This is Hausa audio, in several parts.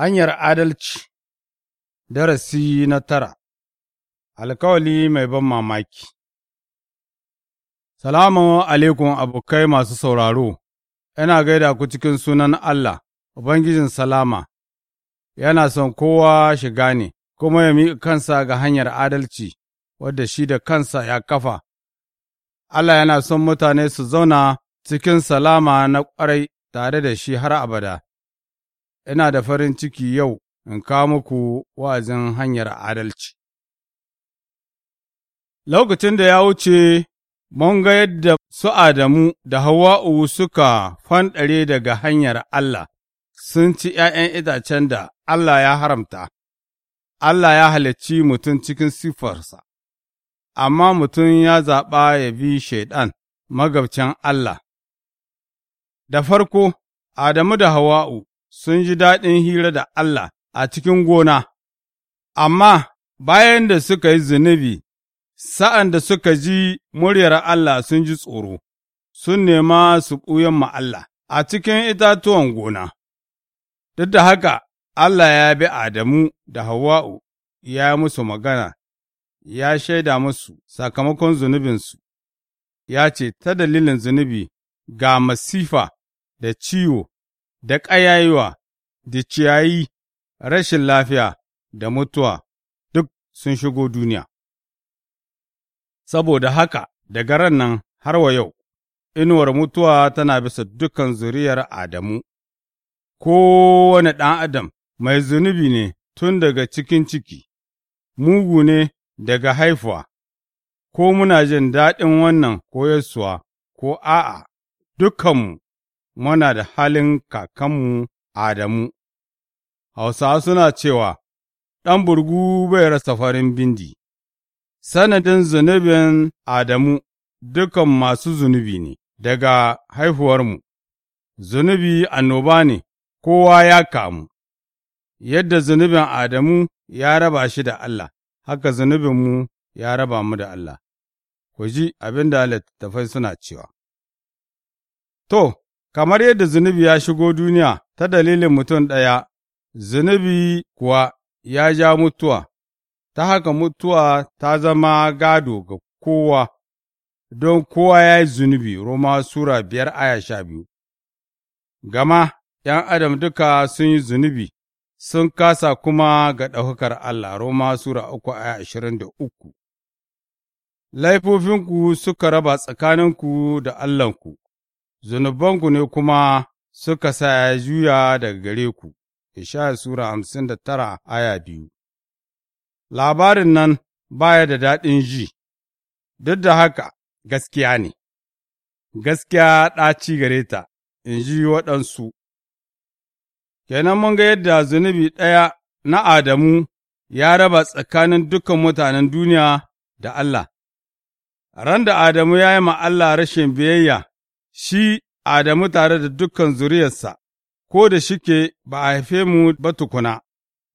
Hanyar adalci Darasi na tara Alkawali mai ban mamaki Salamu alaikum abokai masu sauraro, yana gaida ku cikin sunan Allah, Ubangijin Salama, yana son kowa shiga ne, kuma ya miƙa kansa ga hanyar adalci, wadda shi da kansa ya kafa. Allah yana son mutane su zauna cikin salama na ƙwarai tare da shi har abada. ina da farin ciki yau in kawo muku wa'azin hanyar adalci. Lokacin da ya wuce, mun ga yadda su Adamu da hawa'u suka fanɗare daga hanyar Allah, sun ci ’ya'yan itacen da Allah ya haramta, Allah ya halicci mutum cikin siffarsa, amma mutum ya zaɓa ya bi Shaiɗan, magabcin Allah. Da farko, Adamu da hawa'u sun ji daɗin hira da Allah a cikin gona, amma bayan da suka yi zunubi, sa'an da suka ji muryar Allah sun ji tsoro, sun nema su ɓuyan ma Allah a cikin itatuwan gona. Duk da haka, Allah ya bi Adamu da Hawwa'u ya yi musu magana, ya shaida musu sakamakon zunubinsu, ya ce, Ta dalilin zunubi ga masifa da ciwo da ƙayayewa, da ciyayi, rashin lafiya, da mutuwa, duk sun shigo duniya. Saboda haka, daga ran nan har wa yau, inuwar mutuwa tana bisa dukan zuriyar Adamu, Ko kowane ɗan Adam mai zunubi ne tun daga cikin ciki, mugu ne daga haifuwa, ko muna jin daɗin wannan koyarsuwa ko a'a, dukanmu muna da halin kakanmu Adamu, hausa suna cewa, ɗan burgu bai rasa farin bindi, sanadin zunubin Adamu dukan masu zunubi ne daga haihuwarmu, zunubi annoba ne, kowa ya kamu, yadda zunubin Adamu ya raba shi da Allah, haka zunubinmu ya raba mu da Allah, ku ji abin da littattafai suna cewa. To, Kamar yadda zunubi ya shigo duniya ta dalilin mutum ɗaya, zunubi kuwa ya ja mutuwa, ta haka mutuwa ta zama gado ga kowa, don kowa ya yi zunubi, Roma Sura biyar aya sha biyu. Gama ’yan adam duka sun yi zunubi, sun kasa kuma ga ɗaukar Allah, Roma Sura uku aya ashirin da uku. Laifofinku suka raba tsakaninku da Allahnku, zunubanku ne kuma suka sa ya juya daga gare ku, Ishaya Sura hamsin da tara aya biyu. Labarin nan baya da daɗin ji, duk da haka gaskiya ne, gaskiya ɗaci gare ta, in ji waɗansu. Kenan mun ga yadda zunubi ɗaya na Adamu ya raba tsakanin dukan mutanen duniya da Allah. Ran da Adamu ya yi ma Allah rashin biyayya, shi Adamu tare da dukan zuriyarsa, ko da shike ba a haife mu ba tukuna,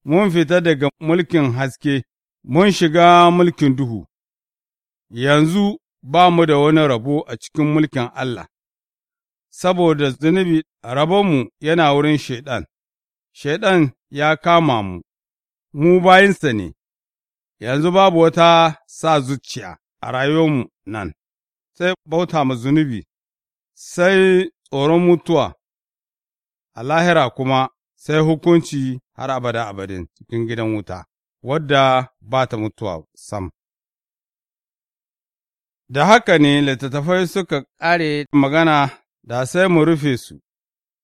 mun fita daga mulkin haske, mun shiga mulkin duhu, yanzu ba mu da wani rabo a cikin mulkin Allah, saboda zunubi rabonmu yana wurin Shaiɗan, Shaiɗan ya kama mu, mu bayinsa ne, yanzu babu wata sa zuciya a rayuwarmu nan, sai bauta ma zunubi. sai tsoron mutuwa, a lahira kuma sai hukunci har abada abadin cikin gidan wuta, wadda ba ta mutuwa sam. Da haka ne littattafai suka ƙare magana da sai mu rufe su,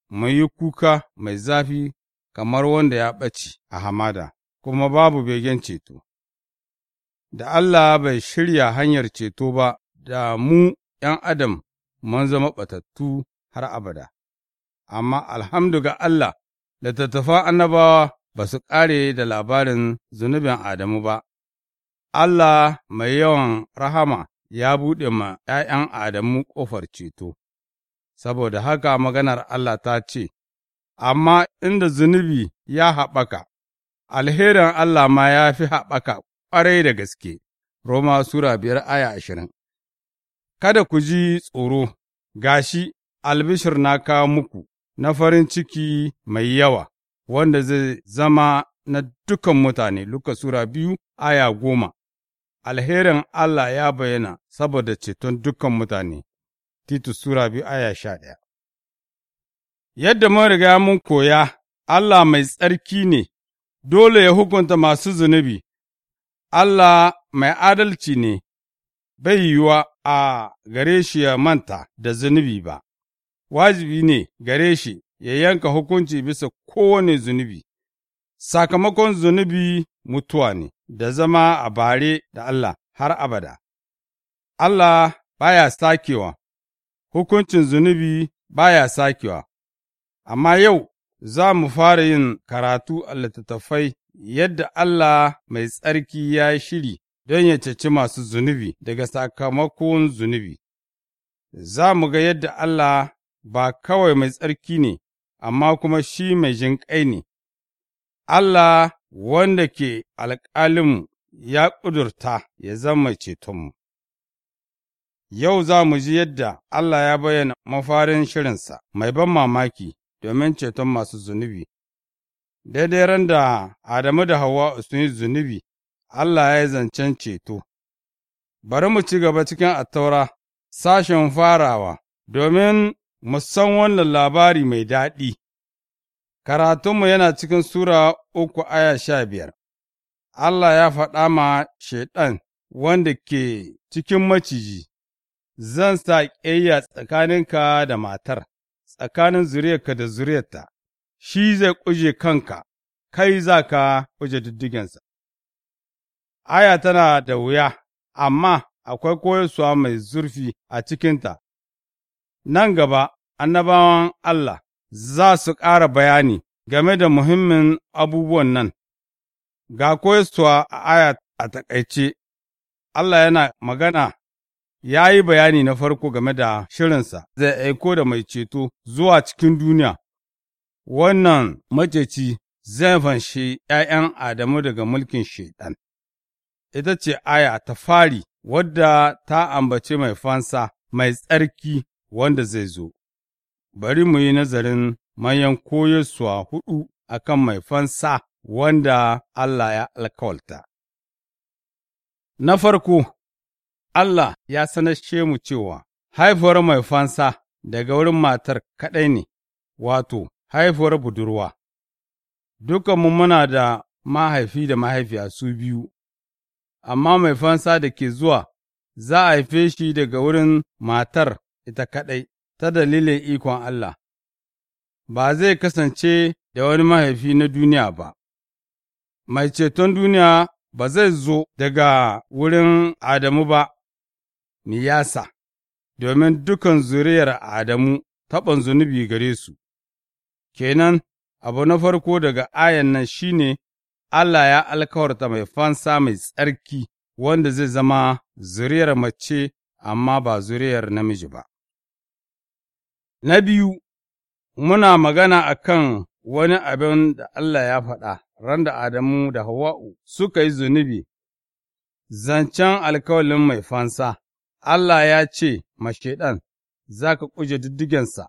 mu yi kuka mai zafi kamar wanda ya ɓaci a hamada, kuma babu begen ceto. Da Allah bai shirya hanyar ceto ba, da mu ’yan Adam mun zama ɓatattu har abada. Amma alhamdu ga Allah, littattafan annabawa ba su ƙare da labarin zunubin Adamu ba, Allah mai yawan rahama ya buɗe ma ’ya'yan Adamu ƙofar ceto, saboda haka maganar Allah ta ce, Amma inda zunubi ya haɓaka, alherin Allah ma ya fi haɓaka ƙwarai da gaske, Roma Sura biyar aya ashirin. Kada ku ji tsoro, gashi albishir na kawo muku na farin ciki mai yawa, wanda zai zama na dukan mutane, Luka Sura biyu, aya goma. Alherin Allah ya bayyana saboda ceton dukan mutane, Titus Sura biyu, aya sha ɗaya. Yadda mun riga mun koya, Allah mai tsarki ne, dole ya hukunta masu zunubi, Allah mai adalci ne, bai yiwuwa a gare shi ya manta da zunubi ba, wajibi ne gare shi ya yanka hukunci bisa kowane zunubi, sakamakon zunubi mutuwa ne da zama a bare da Allah har abada. Allah baya sakewa, hukuncin zunubi baya sakewa, amma yau za mu fara yin karatu a littattafai yadda Allah mai tsarki ya shiri don ya ceci masu zunubi daga sakamakon zunubi. Za mu ga yadda Allah ba kawai mai tsarki ne, amma kuma shi mai jinƙai ne. Allah wanda ke alƙalinmu ya ƙudurta ya zama cetonmu. Yau za mu ji yadda Allah ya bayyana mafarin shirinsa mai ban mamaki domin ceton masu zunubi. Daidai ran da Adamu da Hawwa sun yi zunubi, Allah ya yi zancen ceto. Bari mu ci gaba cikin attaura, sashen farawa, domin mu san wannan labari mai daɗi. Karatunmu yana cikin Sura uku aya sha biyar, Allah ya faɗa ma Shaiɗan wanda ke cikin maciji, Zan sa ƙeya tsakaninka da matar, tsakanin zuriyarka da zuriyarta, shi zai kuje kanka, kai za ka kuje diddigensa. aya tana da wuya, amma akwai koyarwa mai zurfi a cikinta. Nan gaba, annabawan Allah za su ƙara bayani game da muhimmin abubuwan nan, ga koyarwa a aya a taƙaice, Allah yana magana ya yi bayani na farko game da shirinsa zai aiko da mai ceto zuwa cikin duniya, wannan maceci zai fanshi ’ya'yan Adamu daga mulkin Shaiɗan. ita ce aya ta fari wadda ta ambace mai fansa mai tsarki wanda zai zo. Bari mu yi nazarin manyan koyarsuwa huɗu a kan mai fansa wanda Allah ya alkawalta. Na farko, Allah ya sanashe mu cewa haifuwar mai fansa daga wurin matar kaɗai ne, wato, haifuwar budurwa. Dukanmu muna da mahaifi da mahaifiya su biyu, amma mai fansa da ke zuwa za a haife shi daga wurin matar ita kaɗai ta dalilin ikon Allah, ba zai kasance da wani mahaifi na duniya ba, mai ceton duniya ba zai zo daga wurin Adamu ba, niyasa, domin dukan zuriyar Adamu taɓan zunubi gare su, kenan abu na farko daga ayan nan shine Allah ya alkawarta mai fansa mai tsarki wanda zai zama zuriyar mace amma ba zuriyar namiji ba. Na biyu, muna magana a kan wani abin da Allah ya faɗa ran da Adamu da Hawa'u suka yi zunubi, zancen alkawalin mai fansa, Allah ya ce masheɗan za ka ƙuje diddigensa,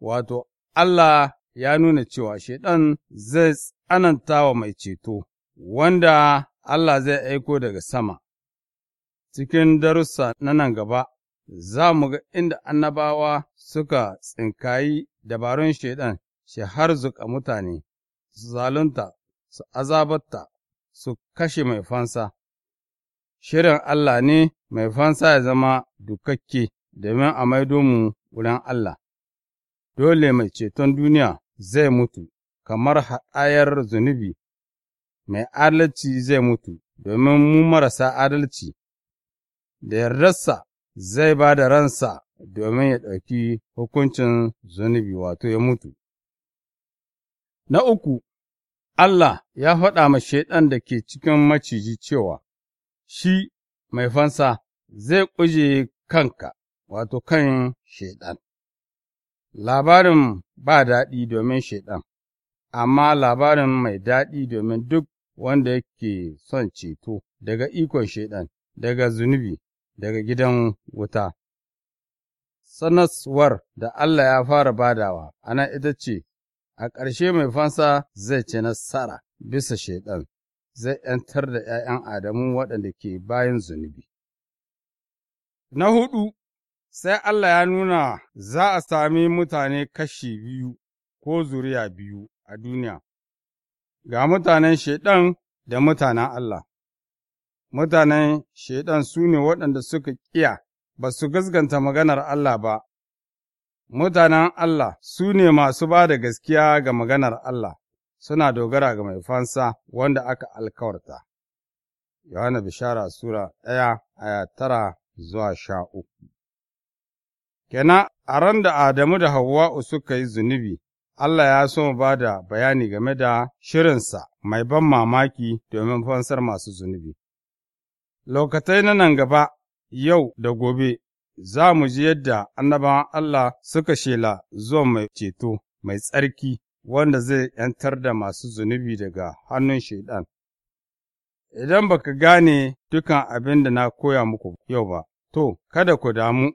wato, Allah ya nuna cewa Shaiɗan zai tsanantawa mai ceto, wanda Allah zai aiko daga sama. Cikin darussa na nan gaba, za mu ga inda annabawa suka tsinkayi dabarun shaidan shi har zuka mutane, su zalunta, su azabatta, su kashe mai fansa. Shirin Allah ne mai fansa ya zama dukakke domin a maido mu wurin Allah, dole mai ceton duniya zai mutu kamar haɗayar zunubi, mai adalci zai mutu, domin mu marasa adalci, da yardarsa zai ba da ransa domin ya ɗauki hukuncin zunubi wato ya mutu. Na uku, Allah ya faɗa ma Shaiɗan da ke cikin maciji cewa, Shi mai fansa zai ƙuje kanka, wato kan Shaiɗan. Labarin ba daɗi domin Shaiɗan amma labarin mai daɗi domin duk wanda yake son ceto daga ikon Shaiɗan, daga zunubi, daga gidan wuta. Sanaswar da Allah ya fara badawa, ana ita ce, a ƙarshe mai fansa zai ce nasara bisa Shaiɗan, zai ’yantar da ’ya'yan Adamu waɗanda ke bayan zunubi. Na hudu, sai Allah ya nuna za a sami mutane kashi biyu ko zuriya biyu. a duniya, ga mutanen Shaiɗan da mutanen Allah. Mutanen Shaiɗan su ne waɗanda suka ƙiya ba su gaskanta maganar Allah ba, mutanen Allah su ne masu ba da gaskiya ga maganar Allah, suna dogara ga mai fansa wanda aka alkawarta. Yohana Bishara Sura ɗaya aya tara zuwa sha uku Kenan a ran da Adamu da Hawwa'u suka yi zunubi, Allah ya so mu ba da bayani game da shirinsa mai ban mamaki domin fansar masu zunubi. Lokatai na nan gaba, yau da gobe, za mu ji yadda annabawan Allah suka shela zuwa mai ceto mai tsarki wanda zai ‘yantar da masu zunubi daga hannun Shaiɗan. Idan ba ka gane dukan abin da na koya muku yau ba, to, kada ku damu,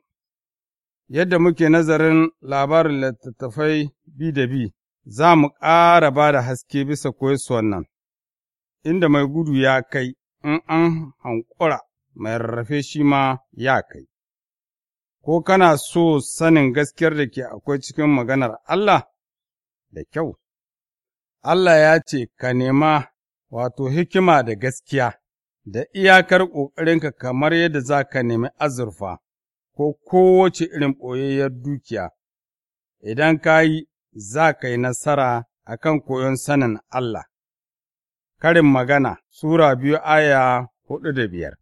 yadda muke nazarin labarin littattafai bi da bi, za mu ƙara ba da haske bisa koyaswan nan, inda mai gudu ya kai, in an hankura mai rarrafe shi ma ya kai. Ko kana so sanin gaskiyar da ke akwai cikin maganar Allah? Da kyau, Allah ya ce ka nema wato hikima da gaskiya, da iyakar ƙoƙarinka kamar yadda za ka nemi azurfa. ko kowace irin ɓoyayyar dukiya, idan ka yi za ka yi nasara a kan koyon sanin Allah. Karin magana Sura biyu aya hudu da biyar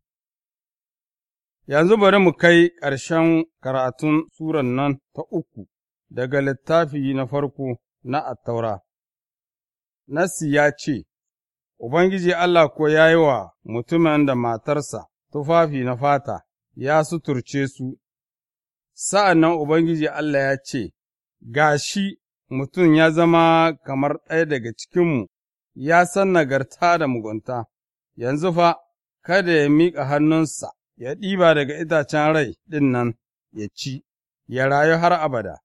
Yanzu bari mu kai ƙarshen karatun Suran nan ta uku daga littafi na farko na attaura. Nasi ya ce, Ubangiji Allah ko ya yi wa mutumin da matarsa tufafi na fata ya suturce su Sa'an nan Ubangiji Allah ya ce, Ga shi mutum ya zama kamar ɗaya daga cikinmu, ya san nagarta da mugunta, yanzu fa, kada ya miƙa hannunsa, ya ɗiba daga itacen rai ɗin nan, ya ci, ya rayu har abada.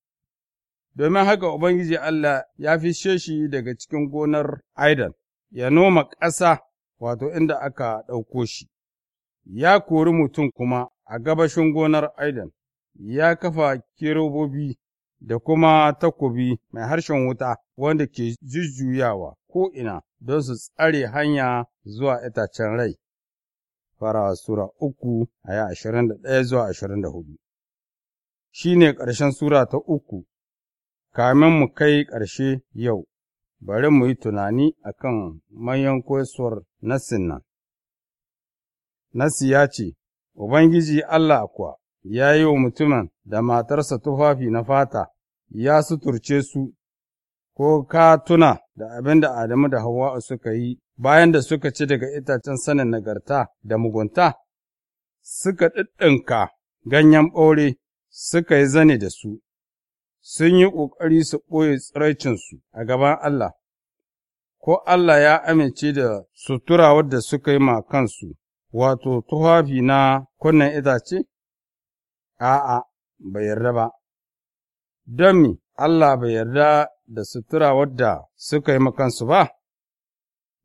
Domin haka Ubangiji Allah ya fishe shi daga cikin gonar Aidan, ya noma ƙasa, wato inda aka ɗauko shi, ya kori mutum kuma a gabashin gonar Aidan. ya kafa kerubobi da kuma takobi mai harshen wuta wanda ke jujjuyawa ko'ina don su tsare hanya zuwa itacen rai. Farawa Sura uku a ashirin da ɗaya zuwa ashirin da hudu. Shi ne ƙarshen Sura ta uku, kamin mu kai ƙarshe yau, bari mu yi tunani a kan manyan koyaswar Nassin nan. Nassi ya ce, Ubangiji Allah kuwa ya yi wa mutumin da matarsa tufafi na fata, ya suturce su, ko ka tuna da abin da Adamu da Hawwa'u suka yi bayan da suka ci daga itacen sanin nagarta da mugunta, suka ɗiɗɗinka ganyen ɓaure suka yi zane da su, sun yi ƙoƙari su ɓoye tsiraicinsu a gaban Allah, ko Allah ya amince da sutura wadda suka yi ma kansu, wato tufafi na kunnen itace? A'a, bai yarda ba, don mi Allah bai yarda da sutura wadda suka yi makansu ba?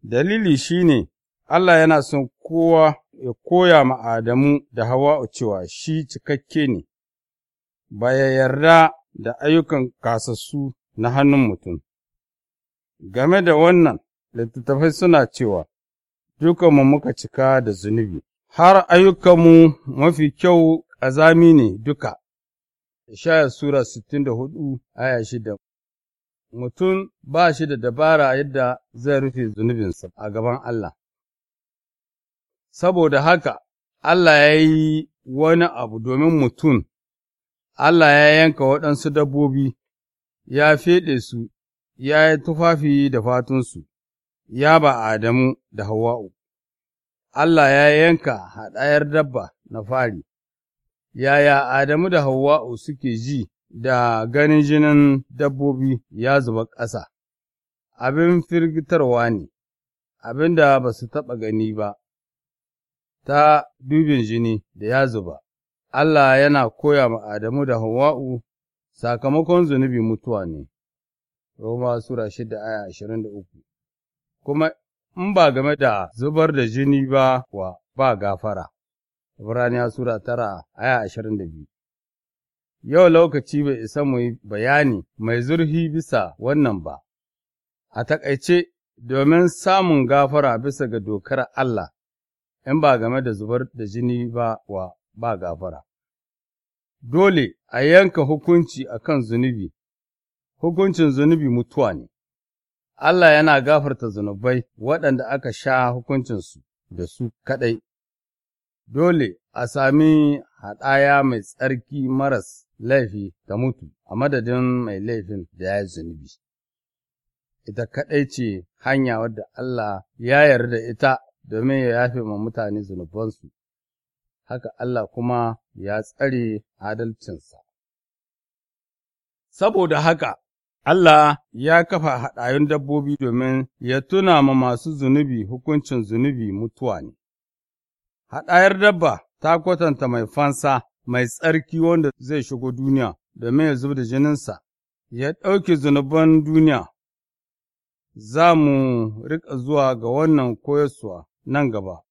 Dalili shi ne, Allah yana son kowa ya koya ma Adamu da Hawa'u cewa shi cikakke ne, ba ya yarda da ayyukan kasassu na hannun mutum. Game da wannan, littattafai suna cewa, Dukanmu muka cika da zunubi, har ayyukanmu mafi kyau azami ne duka. Ishaya Sura sittin da hudu aya shida Mutum ba shi da dabara yadda zai rufe zunubinsa a gaban Allah. Saboda haka, Allah ya yi wani abu domin mutum, Allah ya yanka waɗansu dabbobi, ya feɗe su, ya yi tufafi da fatunsu, ya ba Adamu da Hawa’u. Allah ya yanka haɗayar dabba na fari, yaya Adamu da Hawwa'u suke ji da ganin jinin dabbobi ya zuba ƙasa, abin firgitarwa ne, abin da ba su taɓa gani ba, ta dubin jini da ya zuba, Allah yana koya ma Adamu da Hawwa'u sakamakon zunubi mutuwa ne, Roma Sura shida aya ashirin da uku, kuma in ba game da zubar da jini ba wa ba gafara. Ibraniya Sura tara aya ashirin da biyu. Yau lokaci bai isa mu yi bayani mai zurfi bisa wannan ba, a taƙaice domin samun gafara bisa ga dokar Allah, in ba game da zubar da jini ba wa ba gafara. Dole a yanka hukunci a kan zunubi, hukuncin zunubi mutuwa ne, Allah yana gafarta zunubai waɗanda aka sha hukuncinsu da su kaɗai. dole a sami haɗaya mai tsarki maras laifi ta mutu a madadin mai laifin da ya zunubi. Ita kaɗai ce hanya wadda Allah ya yarda ita domin ya yafe ma mutane zunubansu, haka Allah kuma ya tsare adalcinsa. Saboda haka, Allah ya kafa haɗayun dabbobi domin ya tuna ma masu zunubi hukuncin zunubi mutuwa ne. Haɗayar dabba ta kwatanta mai fansa mai tsarki wanda zai shigo duniya domin ya zub da jininsa, ya ɗauke zunuban duniya. Za mu riƙa zuwa ga wannan koyarsuwa nan gaba.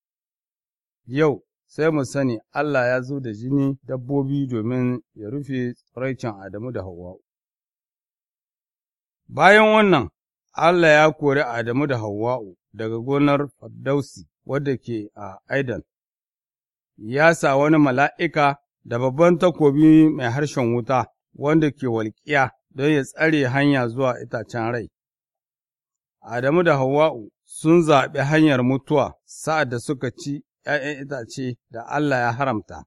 Yau sai mu sani Allah ya zo da jini dabbobi domin ya rufe tsiraicin Adamu da Hauwa. Bayan wannan, Allah ya kori Adamu da Hawwa'u daga gonar Faddausi wadda ke a Aidan, ya sa wani mala'ika da babban takobi mai harshen wuta wanda ke walƙiya don ya tsare hanya zuwa itacen rai. Adamu da Hawwa'u sun zaɓi hanyar mutuwa sa'ad da suka ci ’ya'yan itace da Allah ya haramta,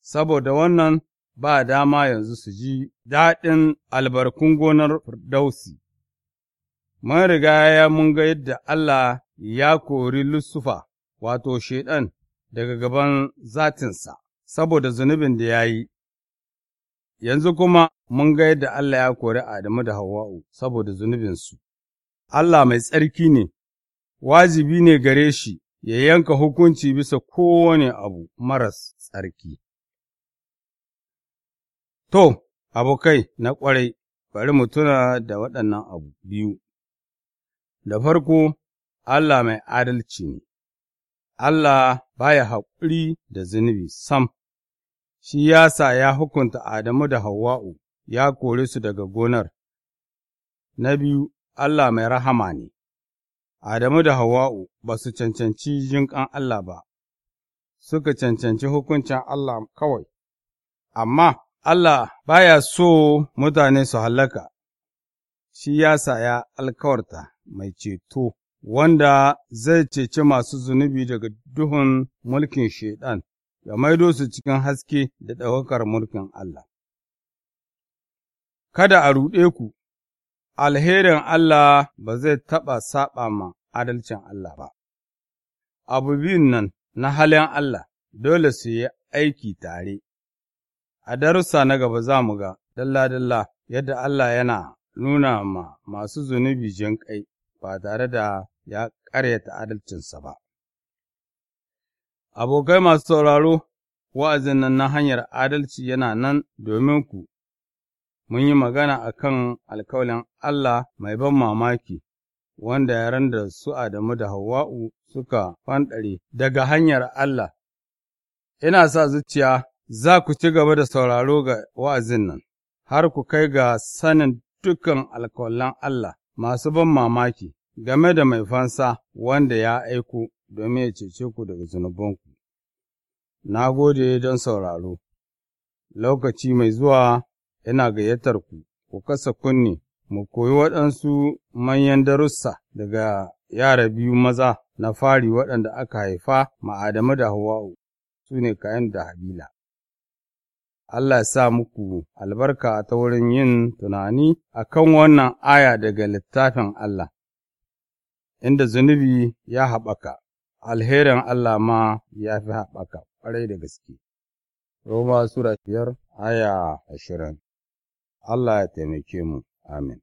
saboda wannan ba dama yanzu su ji daɗin albarkun gonar Firdausi. Mun riga ya mun ga yadda Allah ya kori Lusufa, wato Shaiɗan, daga gaban zatinsa saboda zunubin da ya yi, yanzu kuma mun ga yadda Allah ya kori Adamu da Hawwa'u saboda zunubinsu. Allah mai tsarki ne, wajibi ne gare shi ya yanka hukunci bisa kowane abu maras tsarki. To, abokai na kwarai, bari mu tuna da waɗannan abu biyu, da farko, Allah mai adalci ne. Allah baya haƙuri da zunubi sam, shi ya sa ya hukunta Adamu da Hawwa'u ya kore su daga gonar. Na biyu, Allah mai rahama ne, Adamu da Hawwa'u ba su cancanci jinƙan Allah ba, suka cancanci hukuncin Allah kawai, amma Allah baya so mutane su hallaka, shi ya sa ya alkawarta mai ceto wanda zai ceci masu zunubi daga duhun mulkin Shaiɗan, ya maido su cikin haske da ɗaukakar mulkin Allah. Kada a ruɗe ku, alherin Allah ba zai taɓa saɓa ma adalcin Allah ba, abu biyun nan na halin Allah dole su yi aiki tare, a darussa na gaba za mu ga dalla-dalla yadda Allah yana nuna ma masu zunubi jinƙai ba tare da ya ƙaryata adalcinsa ba. Abokai masu sauraro, wa'azin nan na hanyar adalci yana nan domin ku, mun yi magana a kan alkawalin Allah mai ban mamaki, wanda yaren da su Adamu da Hawwa'u suka fanɗare daga hanyar Allah. Ina sa zuciya za ku ci gaba da sauraro ga wa'azin nan, har ku kai ga sanin dukan alkawalan Allah masu ban mamaki. game da mai fansa wanda ya aiko domin ya cece ku daga zunubanku. Na gode don sauraro, lokaci mai zuwa yana gayyatar ku, ku kasa kunne, mu koyi waɗansu manyan darussa daga yara biyu maza na fari waɗanda aka haifa ma'adamu da Hawa'u, su ne kayan da Habila. Allah ya sa muku albarka ta wurin yin tunani a kan wannan aya daga littafin Allah. inda zunubi ya haɓaka, alherin Allah ma ya fi haɓaka ƙwarai da gaske. Roma Sura biyar aya ashirin Allah ya taimake mu, amin.